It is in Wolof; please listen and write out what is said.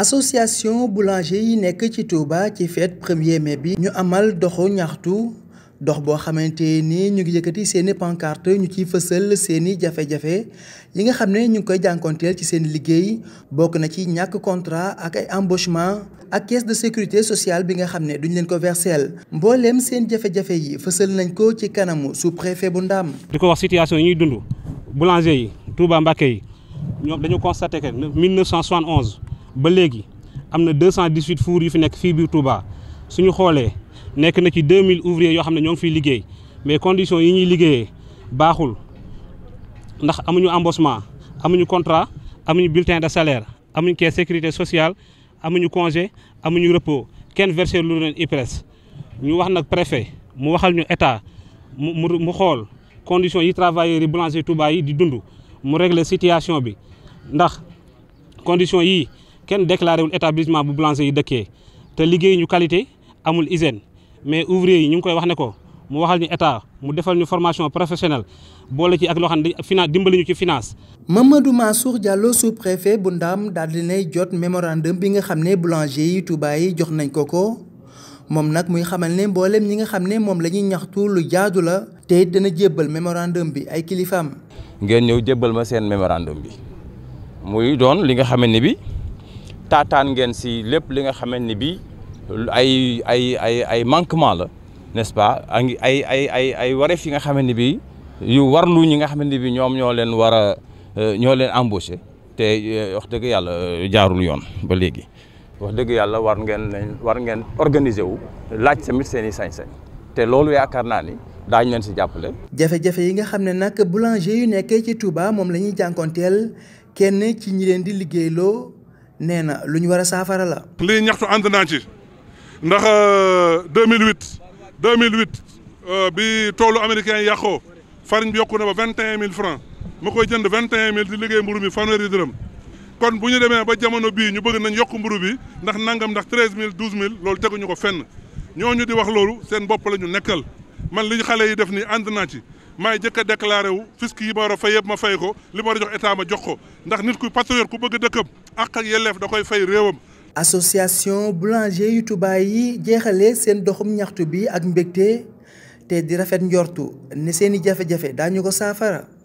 association boulanger yi nekk ci Touba ci fête premier mai bi ñu amal doxu ñaxtu dox boo xamante ni ñu ngi yëkkati seeni pancarte ñu ciy fësal seeni jafe-jafe yi nga xam ne ñu ngi koy jànkonteel ci seen liggéey bokk na ci ñàkk contrat ak ay ak caisse de sécurité sociale bi nga xam ne duñ leen ko verseel mbooleem seen jafe-jafe yi fësal nañ ko ci kanamu sous-préfet bu Ndam. di ko wax situation yi ñuy dund boulanger yi Touba Mbacké yi ñoom dañu ba léegi am na deux 218 fours yu fi nekk fii biir su ñu xoolee nekk na ci deux mille ouvriers yoo xam ne ñoo ngi fiy liggéey mais conditions yi ñuy liggéeyee baaxul ndax amuñu embauchement amuñu contrat amuñu bulletin de salaire amuñu caisse sécurité sociale amuñu congé amuñu repos kenn versé lu leen IPRES ñu wax nag préfet mu waxal ñu état mu mu mu xool conditions yi travailleurs yi boulanger Touba yi di dundu mu réglé situation bi ndax conditions yi kenn déclaré wul bu blancé yi dëkkee te liggéey ñu qualité amul hygiène mais ouvrier yi ñu ngi koy wax ne ko mu waxal ñu état mu defal ñu formation professionnelle boole ci ak loo xam ne finance dimbali ñu ci finance. Mamadou Mansour Diallo sous-préfet bu Ndam daal di nay jot mémorandum bi nga xam ne boulanger yi Touba yi jox nañ ko ko moom nag muy xamal ne mboolem ñi nga xam ne moom la ñuy ñaxtu lu jaadu la te dana jébbal mémorandum bi ay kilifaam. ngeen ñëw jébbal ma seen mémorandum bi muy doon li nga xam ne bi. taataan ngeen si lépp li nga xaman ni bii ay ay ay ay manquement la n'est-ce pas ay ay ay ay ay wareef yi nga xaman ni bii yu lu ñi nga xamante ni bii ñoom ñoo leen war a euh, ñoo leen embauché te euh, wax dëgg yàlla euh, jaarul yoon ba léegi wax dëgg yàlla war ngeen leen war ngeen organiser wu laaj tamit seen i sañ-sañ te loolu yaakaar naa ni daañu leen si jàppale. jafe-jafe yi nga xam ne nag boulanger yu nekkee ci Touba moom la ñuy jànkoonteel kenn ci ñi leen di liggéeyloo. nee na lu ñu war a saafara la. lii ñaxtu ànd naa ci ndax 2008 euh, 2008 euh, bi toolu américain yi yàqoo farine bi yokku na ba vingt et un mille francs ma koy jënd vingt et un mille di liggéey mburu mi fanweeri dërëm kon bu ñu demee ba jamono bii ñu bëgg nañ yokk mburu bi ndax nangam ndax treize mille douze mille loolu teguñu ko fenn ñoo ñu di wax loolu seen bopp lañu nekkal man li ñu xale yi def nii ànd naa maay jëkk a wu fisc yi ma war a fay yëpp ma fay ko li ma war a jox état ma jox ko ndax nit ku patriote ku bëgg dëkkam ak ak yelleef da koy fay réewam. association boulanger yu Touba yi jeexalee seen doxum ñaxtu bi ak mbégte te di rafet njortu ne seeni jafe-jafe ñu ko saafara.